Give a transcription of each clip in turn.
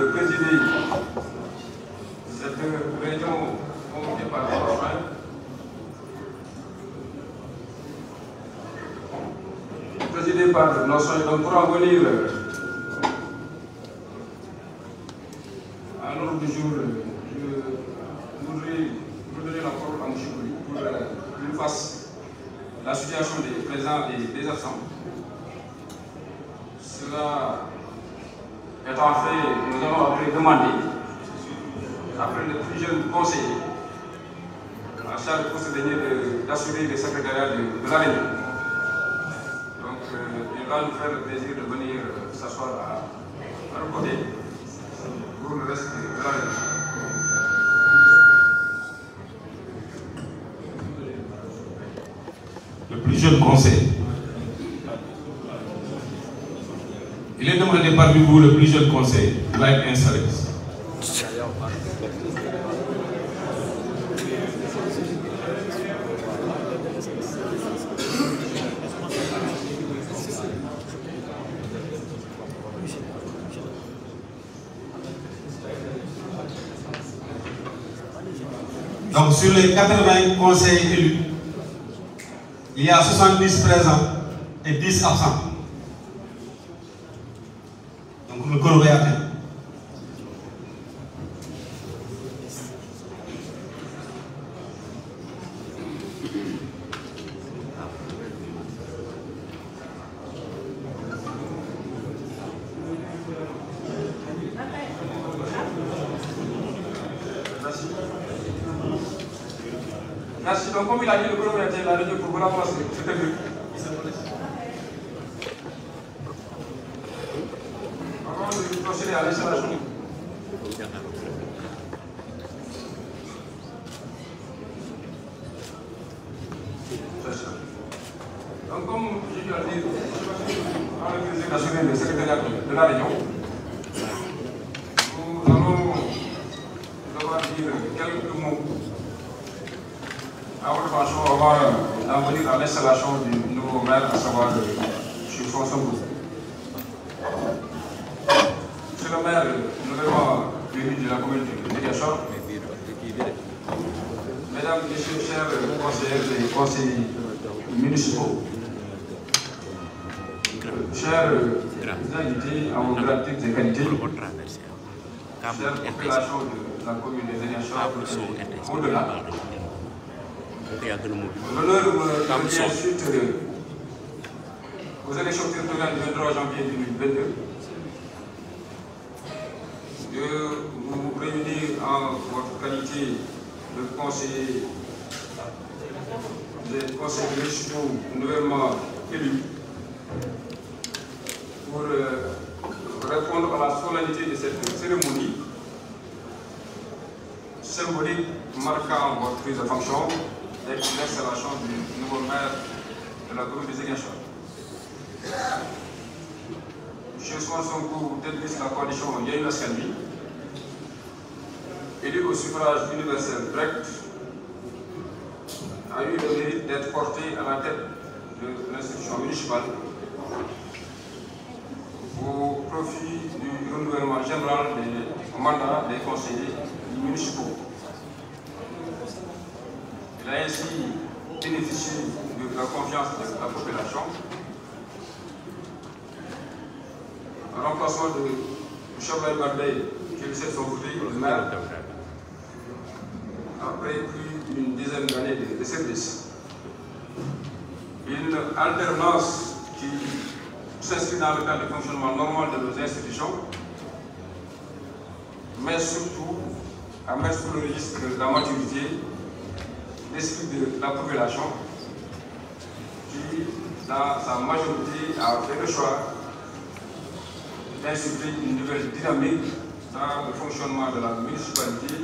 Euh, de présider cette réunion convoquée par les présidé présidée par nos Donc pour en venir euh, le plus jeune conseil, like and service. Donc sur les 80 conseils élus, il y a 70 présents et 10 absents. Monsieur le maire, le de la commune de mesdames, messieurs, chers euh, conseillers et conseillers municipaux, chers euh, invités à vos pratiques de qualité, la populations de la commune de Médiachor, au-delà, l'honneur me revient suite euh, aux élections territoriales du 23 janvier 2022 vous vous réunir en votre qualité de conseiller conseiller de l'échelon nouvellement élu, pour euh, répondre à la solennité de cette cérémonie symbolique marquant votre prise de fonction et l'installation du nouveau maire de la commune de Zéguinchon. Je suis coup, tête de la coalition Yahya Skalbi élu au suffrage universel direct, a eu le mérite d'être porté à la tête de l'institution municipale au profit du renouvellement général des mandats des conseillers municipaux. Il a ainsi bénéficié de la confiance de la population. En remplacement de chauffeur Bardet, qui est le chef de son côté, le maire, depuis plus d'une dizaine d'années de, service. Une alternance qui s'inscrit dans le cadre du fonctionnement normal de nos institutions, mais surtout à mettre sous le risque de la maturité, l'esprit de la population, qui, dans sa majorité, a fait le choix d'insuffler une nouvelle dynamique dans le fonctionnement de la municipalité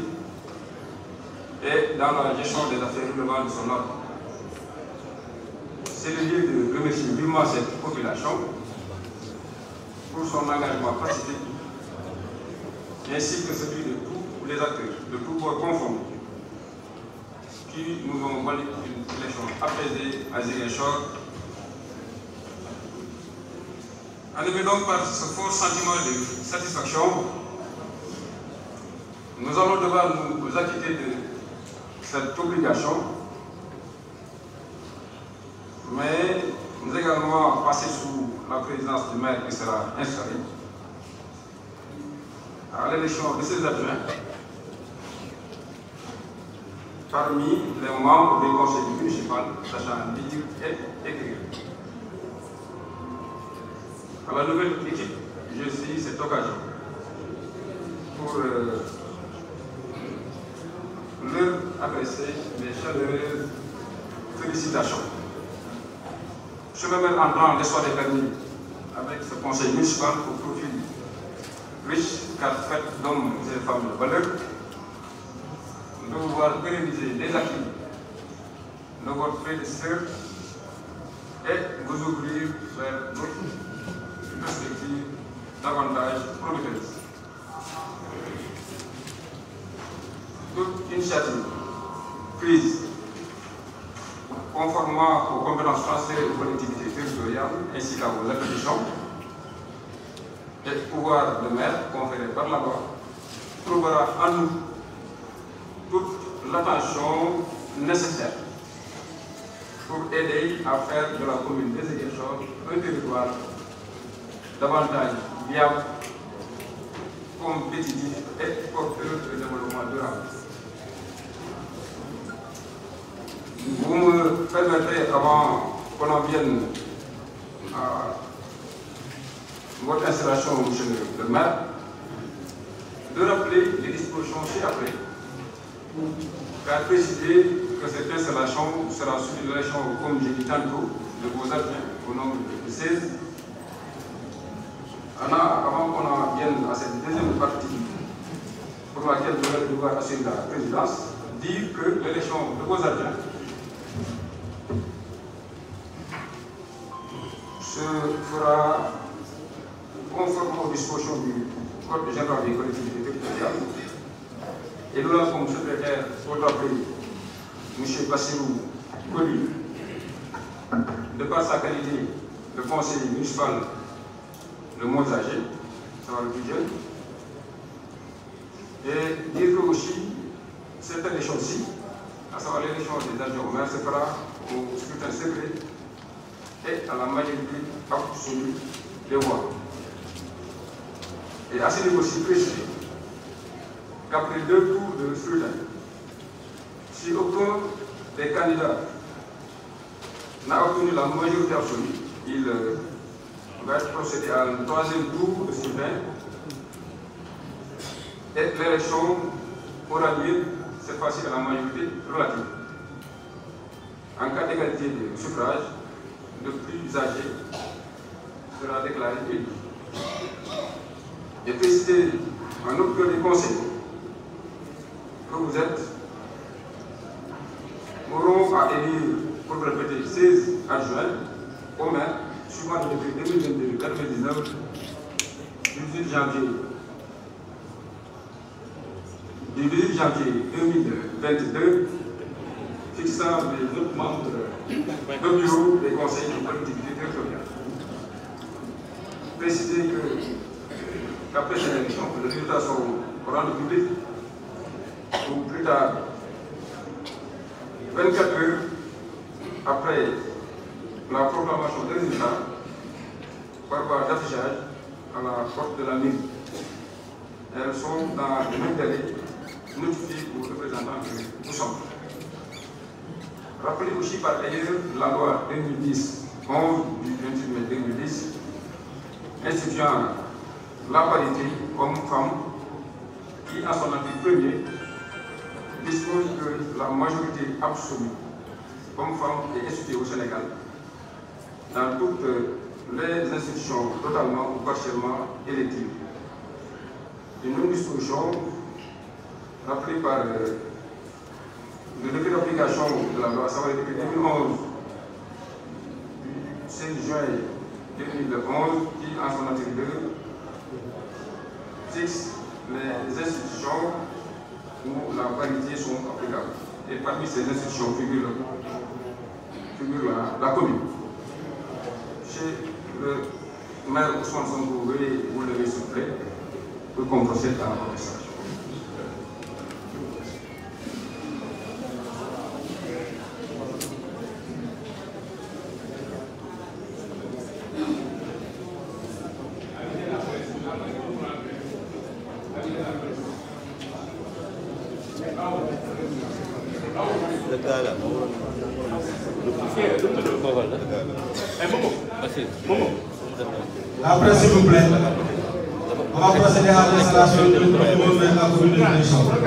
et dans la gestion des affaires du de son ordre. C'est le lieu de remercier vivement cette population pour son engagement pacifique, ainsi que celui de tous les acteurs, de pouvoir conforme, qui nous ont volé une élection apaisée à Zéguéchor. Enlevé donc par ce fort sentiment de satisfaction, nous allons devoir nous acquitter de cette obligation, mais nous également passer sous la présidence du maire qui sera installée à l'élection de ses adjoints parmi les membres du conseil municipal, sachant Didier et écrire. À la nouvelle équipe, je suis cette occasion pour euh, leur adresser mes chaleureuses félicitations. Je me mets en train de des familles avec ce conseil municipal au profil riche car fait d'hommes et femmes de valeur, de vouloir pérenniser les acquis de votre prédécesseur et vous ouvrir vers d'autres perspectives davantage prometteuses. Une charte prise conformément aux compétences transférées aux collectivités territoriales ainsi qu'à vos attributions et pouvoir de maire conféré par la loi trouvera à nous toute l'attention nécessaire pour aider à faire de la commune des Églises un territoire davantage viable, compétitif et porteur de développement durable. Vous me permettez, avant qu'on en vienne à votre installation, M. le maire, de rappeler les dispositions ci-après, car préciser que cette installation sera suivie de l'élection, comme j'ai dit tantôt, de vos adjoints au nombre de 16. avant qu'on en vienne à cette deuxième partie, pour laquelle vous allez devoir assurer la présidence, dire que l'élection de vos adjoints se fera conformément aux dispositions du Code général des collectivités territoriales. Et nous avons comme secrétaire pour rappeler, M. Bassirou Colli, de par sa qualité de conseiller municipal le moins âgé, ça va le plus jeune. Et dire que aussi, certaines choses-ci, à savoir l'élection des agents romains séparés, au scrutin secret et à la majorité absolue des voix. Et à ce niveau, si précisé qu'après deux tours de scrutin, si aucun des candidats n'a obtenu la majorité absolue, il euh, va être procédé à un troisième tour de scrutin et l'élection aura lieu cette fois-ci à la majorité relative. En cas d'égalité de suffrage, le plus âgé sera déclaré élu. Et préciser en outre que les conseillers que vous êtes auront à élire pour répéter 16 adjoints au maire, suivant le décret 2022 2019, du 18 janvier du 18 janvier 2022 fixant les autres membres de bureau des conseils de collectivité territoriale. Préciser qu'après cette élection, les résultats sont rendus publics ou plus tard 24 heures après la proclamation des résultats par voie d'affichage à la porte de la nuit. Elles sont dans le même délai nous aux représentants de nous sommes. Rappelez aussi par ailleurs la loi 2010, 11 du 28 mai 2010, instituant la parité homme-femme, qui à son article premier dispose que la majorité absolue homme-femme est instituée au Sénégal dans toutes les institutions totalement ou partiellement électives. nous disposition rappelé par euh, le début d'application de la loi, à savoir depuis 2011 du 16 juin 2011, qui, en son article fixe les institutions où la qualité sont applicables. Et parmi ces institutions figure, la, commune. Chez le maire Ousmane Sango, vous pouvez s'il vous plaît, pour qu'on procède à message. vous plaît, on va procéder à l'installation de notre nouveau maire à la commune de Richard.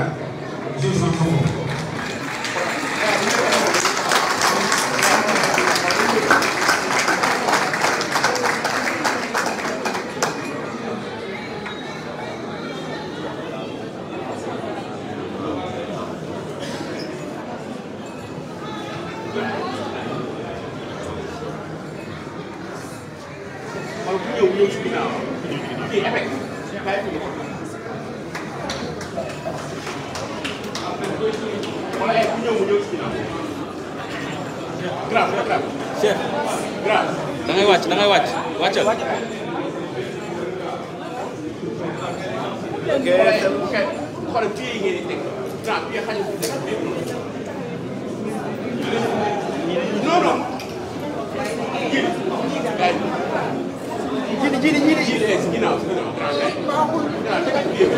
pieds yi ngeen di teg grand pieds xale bu teg pieds non non jili gars yi jili jili jili jili si ginnaaw si ginnaaw grand gars yi grand tegal pieds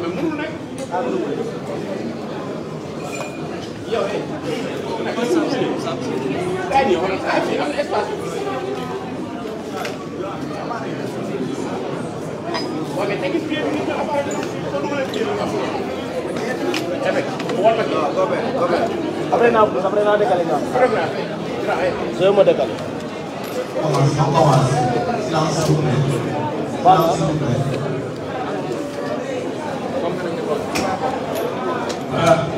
mais mënul nag yow eh. daa ñëw wala daa fi am espace. waaw mais tey jii biir bi nga xam ne après naa après naa décalé naa. soo ma décalé.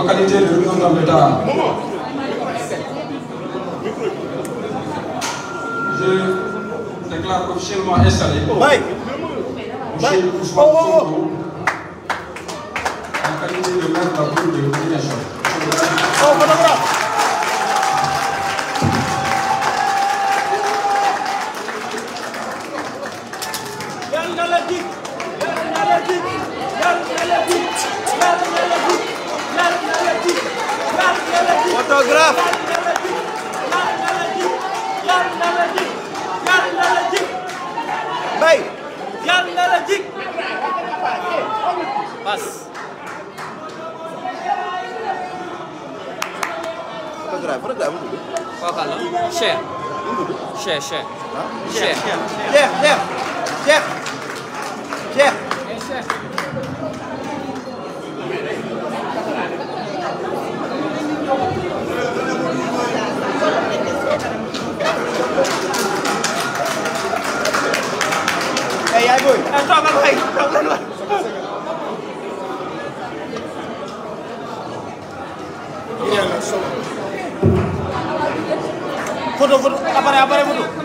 en qualité de représentant de l'État, je déclare officiellement installé M. Ousmane oh, oh, oh. Sonko en qualité de maire de la Oh, de Guinée. Yes! Photograph, photograph. Qual color? Share. Share, share. Huh? Share. Share, share. Share. Share. É aí, ai vui. é cho nó quay, cho nó photo photo appareil appareil photo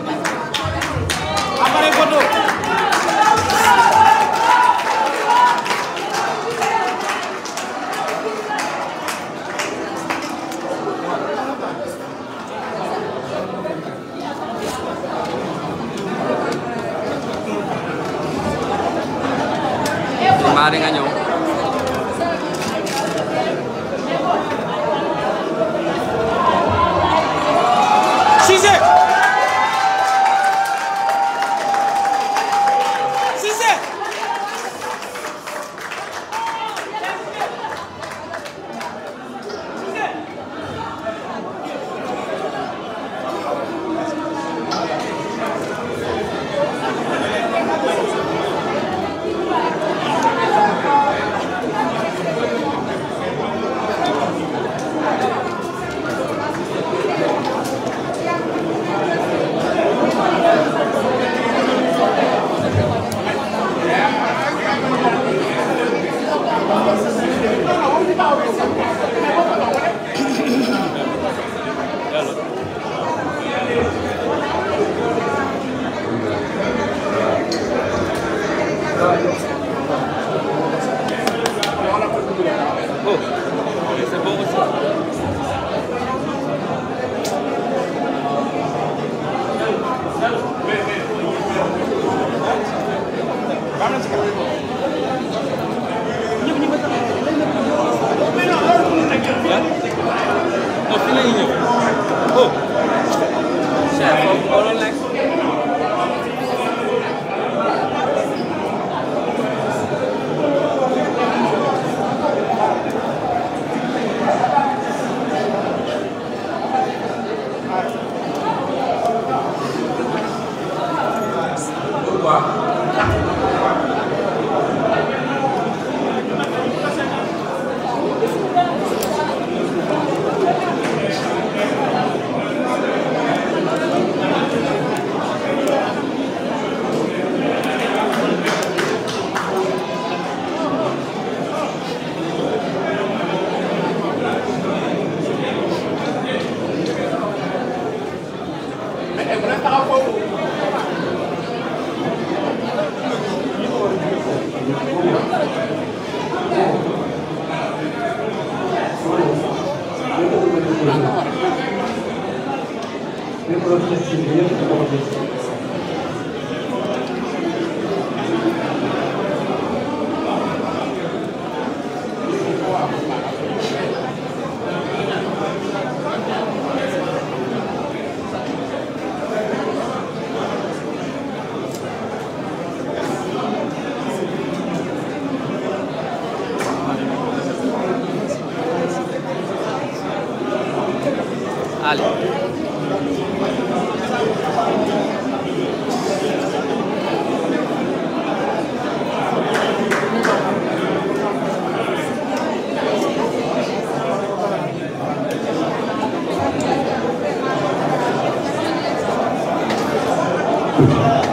Thank you.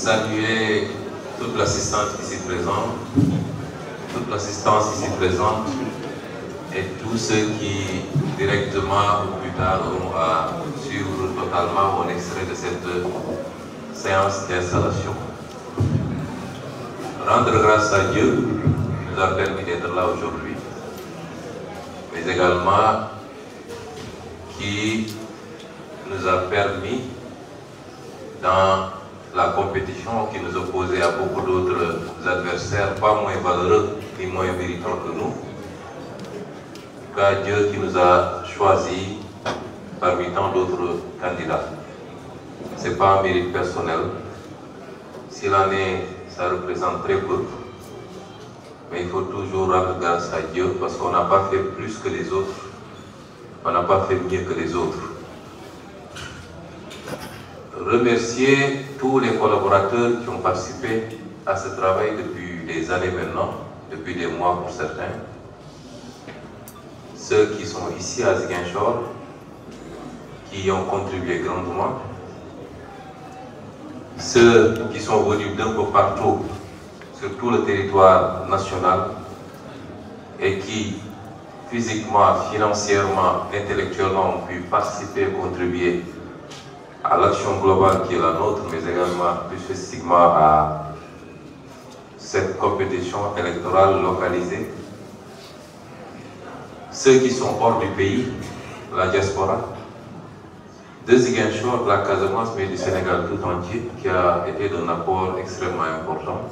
saluer toute l'assistance ici présente, toute l'assistance ici présente et tous ceux qui directement ou plus tard auront à suivre totalement mon extrait de cette séance d'installation. Rendre grâce à Dieu qui nous a permis d'être là aujourd'hui, mais également qui nous a permis dans la compétition qui nous opposait à beaucoup d'autres adversaires, pas moins valeureux ni moins méritants que nous. Qu'à Dieu qui nous a choisis parmi tant d'autres candidats. Ce n'est pas un mérite personnel. si l'année ça représente très peu. Mais il faut toujours avoir grâce à Dieu parce qu'on n'a pas fait plus que les autres. On n'a pas fait mieux que les autres remercier tous les collaborateurs qui ont participé à ce travail depuis des années maintenant, depuis des mois pour certains. Ceux qui sont ici à Ziguinchor, qui y ont contribué grandement. Ceux qui sont venus d'un peu partout sur tout le territoire national et qui, physiquement, financièrement, intellectuellement, ont pu participer, contribuer à l'action globale qui est la nôtre, mais également plus spécifiquement à cette compétition électorale localisée. Ceux qui sont hors du pays, la diaspora, de chose, de la Casamance, mais du Sénégal tout entier, qui a été d'un apport extrêmement important.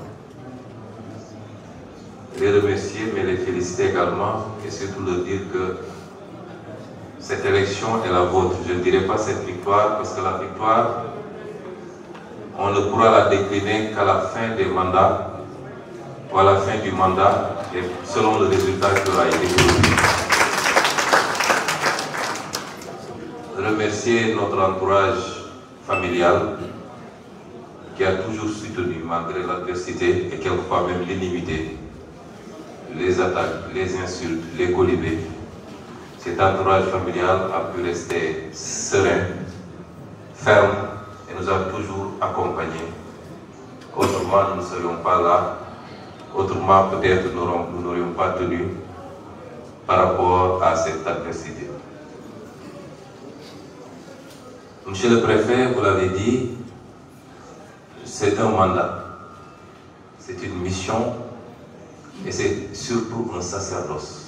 Les remercier, mais les féliciter également, et surtout de dire que cette élection est la vôtre. Je ne dirai pas cette victoire, parce que la victoire, on ne pourra la décliner qu'à la fin des mandats, ou à la fin du mandat, et selon le résultat qui aura été Remercier notre entourage familial qui a toujours soutenu malgré l'adversité et quelquefois même l'inimité, les attaques, les insultes, les colibés cet entourage familial a pu rester serein, ferme et nous a toujours accompagnés. Autrement, nous ne serions pas là. Autrement, peut-être nous n'aurions pas tenu par rapport à cette adversité. Monsieur le préfet, vous l'avez dit, c'est un mandat, c'est une mission et c'est surtout un sacerdoce.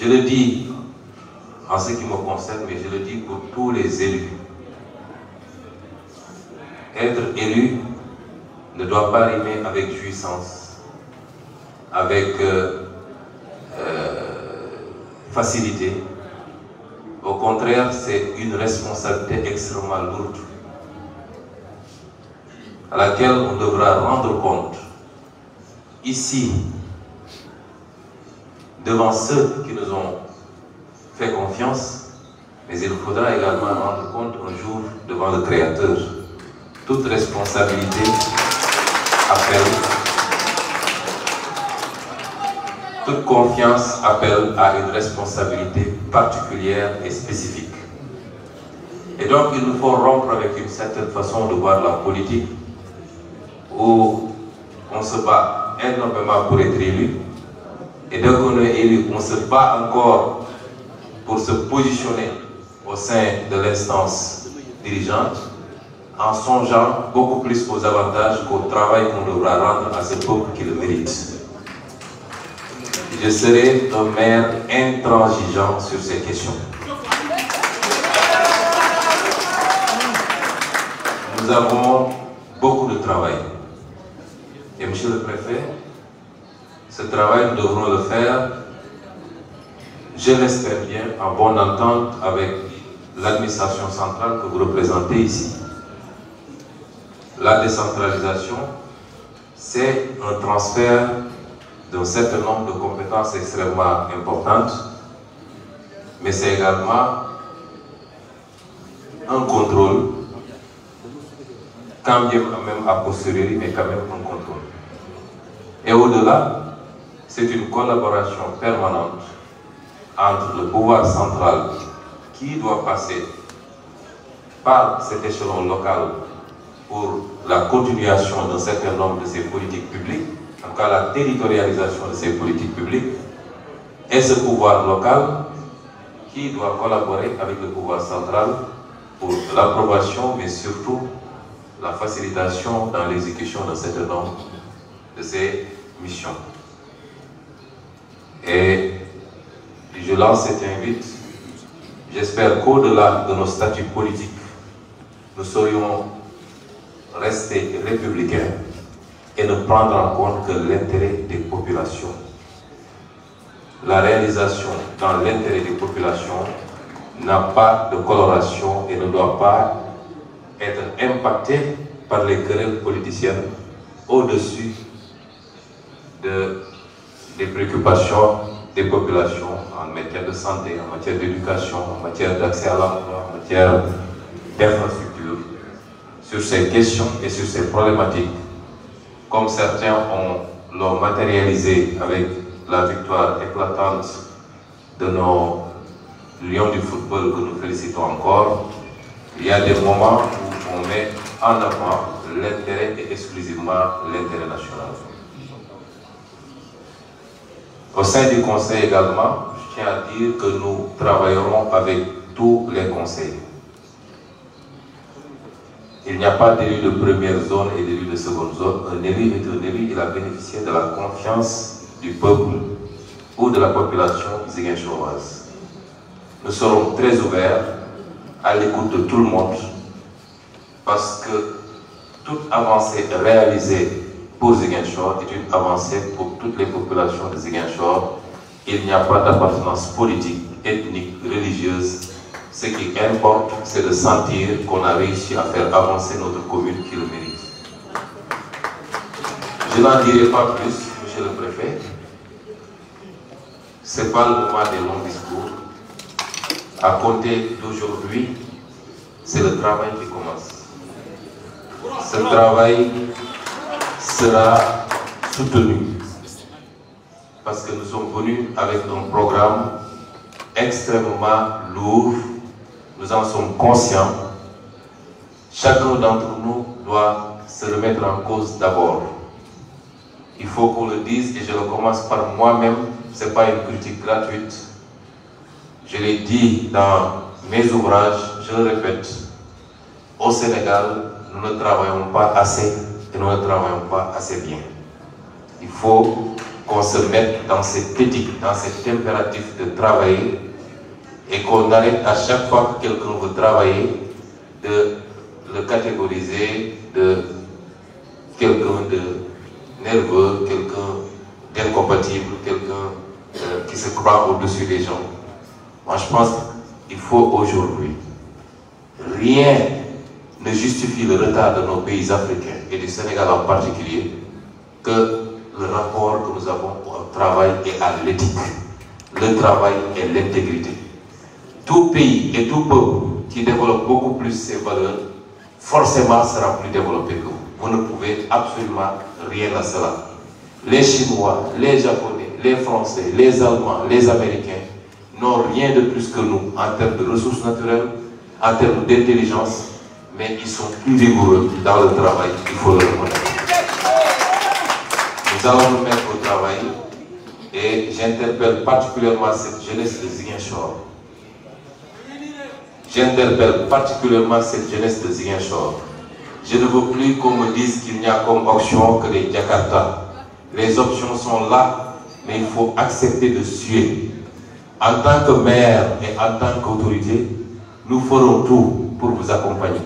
Je le dis en ce qui me concerne, mais je le dis pour tous les élus. Être élu ne doit pas rimer avec jouissance, avec euh, euh, facilité. Au contraire, c'est une responsabilité extrêmement lourde à laquelle on devra rendre compte ici devant ceux qui nous ont fait confiance, mais il faudra également rendre compte un jour devant le Créateur. Toute responsabilité appelle, toute confiance appelle à une responsabilité particulière et spécifique. Et donc il nous faut rompre avec une certaine façon de voir la politique où on se bat énormément pour être élu, et donc on se bat encore pour se positionner au sein de l'instance dirigeante en songeant beaucoup plus aux avantages qu'au travail qu'on devra rendre à ce peuple qui le mérite. Je serai un maire intransigeant sur ces questions. Nous avons beaucoup de travail. Et Monsieur le Préfet, ce travail, nous devrons le faire, je l'espère bien, en bonne entente avec l'administration centrale que vous représentez ici. La décentralisation, c'est un transfert d'un certain nombre de compétences extrêmement importantes, mais c'est également un contrôle, quand bien même à posteriori, mais quand même un contrôle. Et au-delà, c'est une collaboration permanente entre le pouvoir central qui doit passer par cet échelon local pour la continuation d'un certain nombre de ces politiques publiques, en tout cas la territorialisation de ces politiques publiques, et ce pouvoir local qui doit collaborer avec le pouvoir central pour l'approbation, mais surtout la facilitation dans l'exécution d'un certain nombre de ces missions. Et je lance cet invite. J'espère qu'au-delà de nos statuts politiques, nous serions restés républicains et ne prendre en compte que l'intérêt des populations. La réalisation dans l'intérêt des populations n'a pas de coloration et ne doit pas être impactée par les querelles politiciennes au-dessus de des préoccupations des populations en matière de santé, en matière d'éducation, en matière d'accès à l'emploi, en matière d'infrastructure. Sur ces questions et sur ces problématiques, comme certains ont l'ont matérialisé avec la victoire éclatante de nos lions du football que nous félicitons encore, il y a des moments où on met en avant l'intérêt et exclusivement l'intérêt national. Au sein du conseil également, je tiens à dire que nous travaillerons avec tous les conseils. Il n'y a pas d'élu de première zone et d'élu de seconde zone. Un élu est un élu, il a bénéficié de la confiance du peuple ou de la population ziguinchoroise. Nous serons très ouverts à l'écoute de tout le monde parce que toute avancée réalisée pour Ziguinchor est une avancée pour toutes les populations de Ziguinchor. Il n'y a pas d'appartenance politique, ethnique, religieuse. Ce qui importe, c'est de sentir qu'on a réussi à faire avancer notre commune qui le mérite. Je n'en dirai pas plus, monsieur le préfet. Ce n'est pas le moment des longs discours. À compter d'aujourd'hui, c'est le travail qui commence. Ce travail sera soutenu parce que nous sommes venus avec un programme extrêmement lourd. Nous en sommes conscients. Chacun d'entre nous doit se remettre en cause d'abord. Il faut qu'on le dise et je le commence par moi-même. Ce n'est pas une critique gratuite. Je l'ai dit dans mes ouvrages, je le répète. Au Sénégal, nous ne travaillons pas assez et nous ne travaillons pas assez bien. Il faut qu'on se mette dans cette éthique, dans cet impératif de travailler et qu'on arrête à chaque fois que quelqu'un veut travailler de le catégoriser de quelqu'un de nerveux, quelqu'un d'incompatible, quelqu'un euh, qui se croit au-dessus des gens. Moi, je pense qu'il faut aujourd'hui rien ne justifie le retard de nos pays africains et du Sénégal en particulier que le rapport que nous avons au travail et à l'éthique. Le travail et l'intégrité. Tout pays et tout peuple qui développe beaucoup plus ses valeurs, forcément sera plus développé que vous. Vous ne pouvez absolument rien à cela. Les Chinois, les Japonais, les Français, les Allemands, les Américains n'ont rien de plus que nous en termes de ressources naturelles, en termes d'intelligence, mais ils sont plus rigoureux dans le travail, il faut le reconnaître. Nous allons nous mettre au travail et j'interpelle particulièrement cette jeunesse de Ziguinchor. J'interpelle particulièrement cette jeunesse de Ziguinchor. Je ne veux plus qu'on me dise qu'il n'y a comme option que les Jakarta. Les options sont là, mais il faut accepter de suer. En tant que maire et en tant qu'autorité, nous ferons tout pour vous accompagner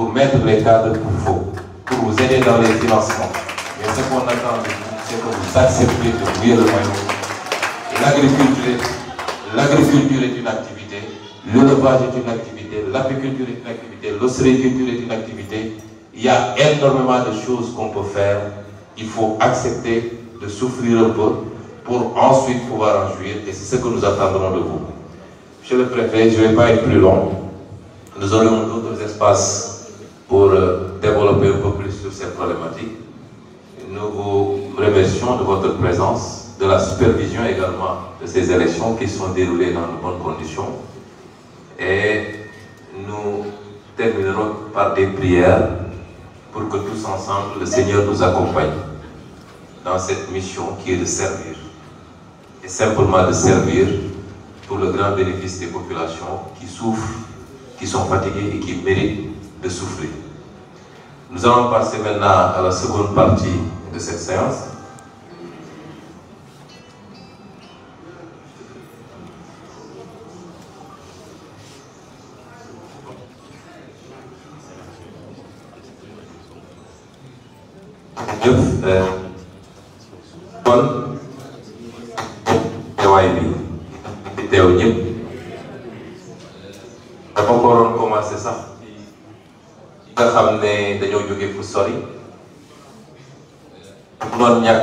pour mettre les cadres qu'il faut, pour vous aider dans les financements. Mais ce qu'on attend de vous, c'est que vous acceptiez de vivre le maillot. L'agriculture, l'agriculture est une activité, l'élevage est une activité, l'apiculture est une activité, l'ostréiculture est une activité. Il y a énormément de choses qu'on peut faire. Il faut accepter de souffrir un peu pour ensuite pouvoir en jouir et c'est ce que nous attendrons de vous. Monsieur le préfet, je ne vais pas être plus long. Nous aurons d'autres espaces pour euh, développer un peu plus sur ces problématiques. Nous vous remercions de votre présence, de la supervision également de ces élections qui sont déroulées dans de bonnes conditions. Et nous terminerons par des prières pour que tous ensemble, le Seigneur nous accompagne dans cette mission qui est de servir. Et simplement de servir pour le grand bénéfice des populations qui souffrent, qui sont fatiguées et qui méritent de souffler. Nous allons passer maintenant à la seconde partie de cette séance. Euh,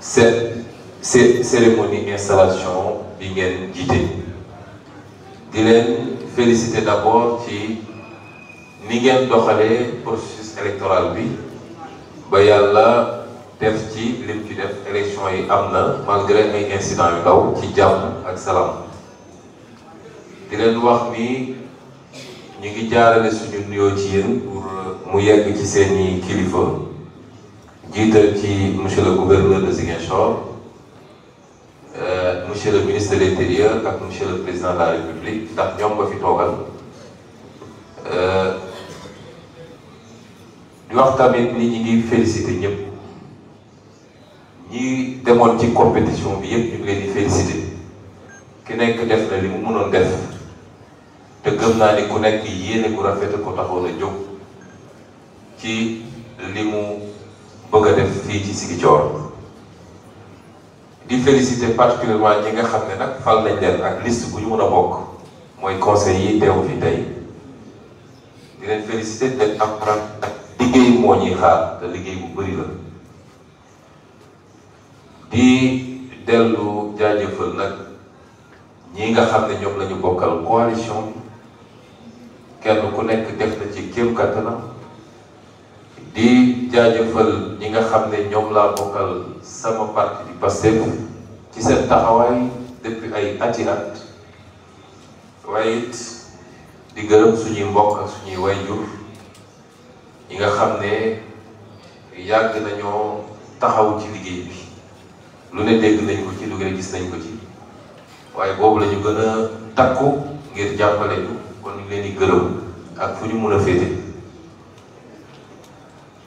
cette cérémonie installation bi ngeen jiite di leen féliciter d'abord ci ni ngeen doxalee processus électoral bi ba yàlla def ci lim ci def élection yi am malgré ay incidents yu ndaw ci jàmm ak salaam di leen wax ni ñu ngi jaarale suñu nuyoo ci yéen pour mu yegg ci seeni kilifa jiital ci monsieur le gouverneur de Ziguinchor euh, monsieur le ministre de l'intérieur ak monsieur le président la république ndax ñoom fi toogal euh, di wax tamit ni ñi ngi félicité ñëpp ñi demoon ci compétition bi yëpp ñu ngi leen di ki nekk def na li mu mënoon def te gëm naa ni ku nekk yéene ku rafet ko taxoon a jóg ci li mu bëgg a def fii ci Ziguinchor di féliciter particulièrement ñi nga xam ne nag fal nañ leen ak liste bu ñu mën a bokk mooy conseil yi teew fi tey di leen féliciter te am ak liggéey moo ñuy xaar te liggéey bu bëri la di dellu jaajëfal nag ñi nga xam ne ñoom lañu ñu bokkal coalition bi kenn ku nekk def na ci kéem kattanam di jaajëfal ñi nga xam ne ñoom laa bokkal sama parti di paseeku ci seen taxawaay depuis ay ati at waaye it di gërëm suñuy mbokk ak suñuy wayjur ñi nga xam ya ne yàgg nañoo taxaw ci liggéey bi lu ne dégg nañ ko ci lu gën gis nañ ko ci waaye boobu la ñu gën a takku ngir jàppale ñu kon ñu leen di gërëm ak fu ñu mun a féetee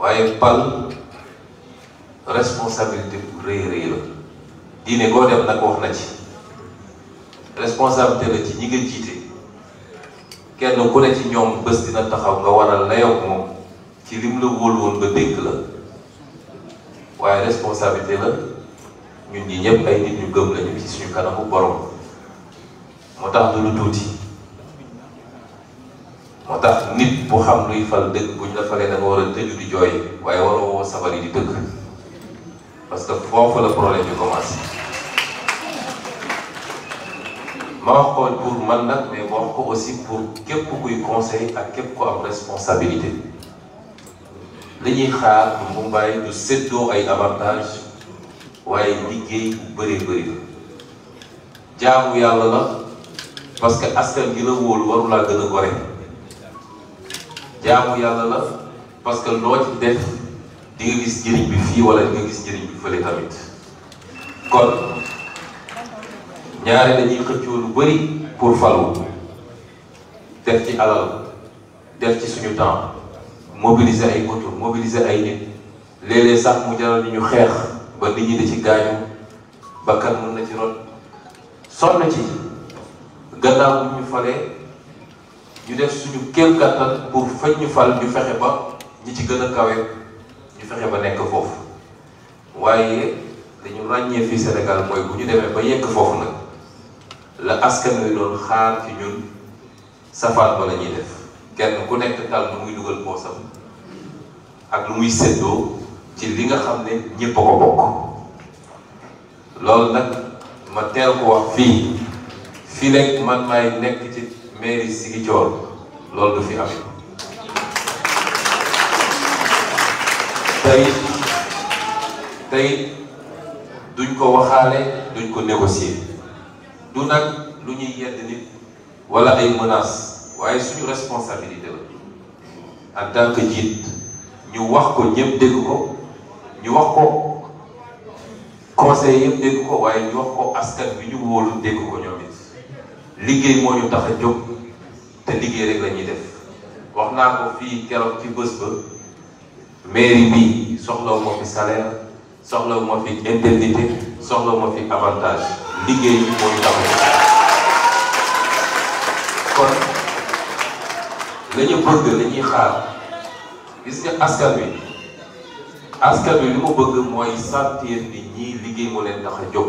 waaye pal responsabilité bu rëy rëy la diine koo dem nag wax na ci responsabilité la ci ñi nga jiite kenn ku ne ci ñoom bés dina taxaw nga waral la yow moom ci lim la wóolu woon ba dégg la waaye responsabilité la ñun ñi ñëpp ay nit ñu gëm lañu suñu kanamu borom moo tax du lu tuuti moo tax képp xam luy fal dëgg buñ la falee da nga war a tëju di jooy waaye waroo woo sabar yi di tëgg parce que foofu la problème bi commencé. ma wax ko pour man nag mais ma wax ko aussi pour képp kuy conseil ak képp ku am responsabilité li ñuy xaar bu Mumbaay du séddoo ay avantage waaye liggéey bu bëree bëri la jaamu yàlla la parce que askan gi wóolu waru gën a gore jaamu yàlla la parce que loo ci def di gis njëriñ bi fii wala di gis njëriñ bi fële tamit kon ñaare dañuy xëccoo lu bëri pour falu def ci alal def ci suñu temps mobiliser ay moto mobiliser ay nit léeg-léeg sax mu jaral ñu xeex ba nit ñi di ci gaañu bakkan mën na ci rot sonn ci gannaaw bu ñu falee ñu def suñu kéem kattan pour fañ ñu fal ñu fexe ba ñi ci gën a kawe ñu fexe ba nekk foofu waaye dañu ràññee fii Sénégal mooy bu ñu demee ba yegg foofu nag la askan wi doon xaar ci ñun safaan ba la def kenn ku nekk daal lu muy dugal poosam ak lu muy séddoo ci li nga xam ne ñëpp a bokk loolu nag ma teel ko wax fii fii rek man maay nekk. mairie Ziguinchor loolu du fi am tey tey duñ ko waxaale duñ ko négocier du nag lu ñuy yedd nit wala ay menaces waaye suñu responsabilité la en tant que jiit ñu wax ko ñëpp dégg ko ñu wax ko conseil yëpp dégg ko waaye ñu wax ko askan bi ñu wóolu dégg ko ñoom liggéey moo ñu tax a jóg te liggéey rek la def wax naa ko fii keroog ci bés ba bi soxlawu ma fi salaire soxlawu ma fi indemnité soxlawu fi avantage liggéey moo ñu tax a jóg kon la bëgg la xaar gis nga askan wi askan wi li mu bëgg mooy sentir ni ñii liggéey moo leen tax a jóg.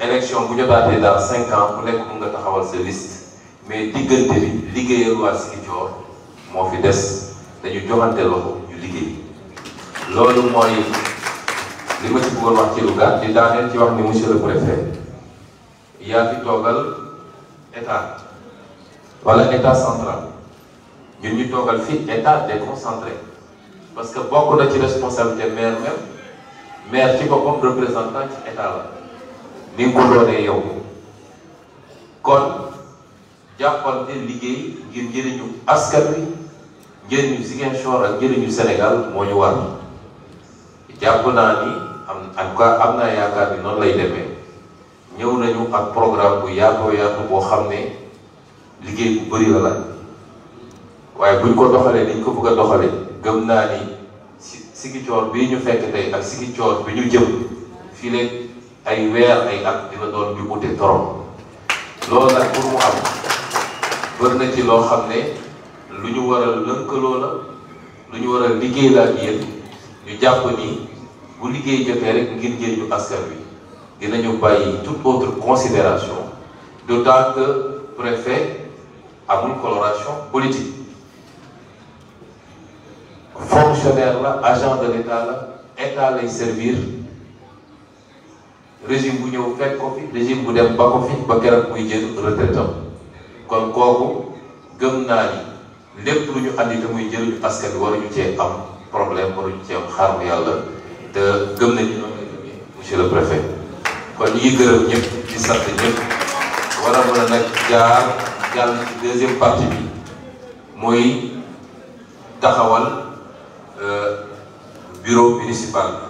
élection bu ñu dans 5 ans ku nekk nga taxawal liste mais digënté bi liggéeyal fi des dañu joxante loxo ñu wax ci lu ci wax ni monsieur le préfet yaa fi toogal état wala état central ñun ñu toogal fi état déconcentré parce que beaucoup na ci responsabilité maire même maire ci boppam représentant ci état li ko doonee yow kon jàppal te liggéey ngir njëriñu askan wi njëriñu Ziguinchor ak njëriñu Sénégal moo ñu war jàpp naa ni am naa yaakaar ni noonu lay demee ñëw nañu ak programme bu yaatoo yaatu boo xam ne liggéey bu bëri la la waaye buñ ko doxalee niñ ko bëgg a doxalee gëm naa ni si Ziguinchor ñu fekk tey ak Ziguinchor bi ñu jëm fii léegi ay ay at dina doon ñu ute torom loolu pour mu am bër que nous ne lu ñu war a lënkaloo la lu ñu ñu jàpp ni bu liggéey jotee rek ngir askan wi dinañu toute autre considération d'autant que préfet amul coloration politique fonctionnaire agent de l'État la état les servir régime bu ñëw fekk ko fi régime bu dem ba ko fi ba keroog muy jël retraite am kon kooku gëm naa ni lépp ñu andi te muy jël askan wi waruñu cee am problème waruñu cee am xaaru yàlla te gëm nañu noonu monsieur le préfet kon ñi gërëm ñëpp di sant ñëpp war a mën nag jaar jàll ci deuxième partie bi mooy taxawal euh, bureau municipal.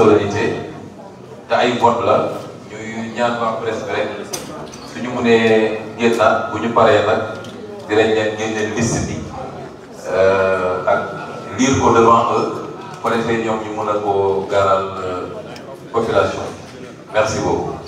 solennité te ay bon la ñuy ñaan waa presse bi rek suñu mënee génnaat bu ñu paree nag dinañ leen génne liste bi euh, ak lire ko devant eux bu ko defee ñoom ñu mën a koo gaaral euh, population merci beaucoup.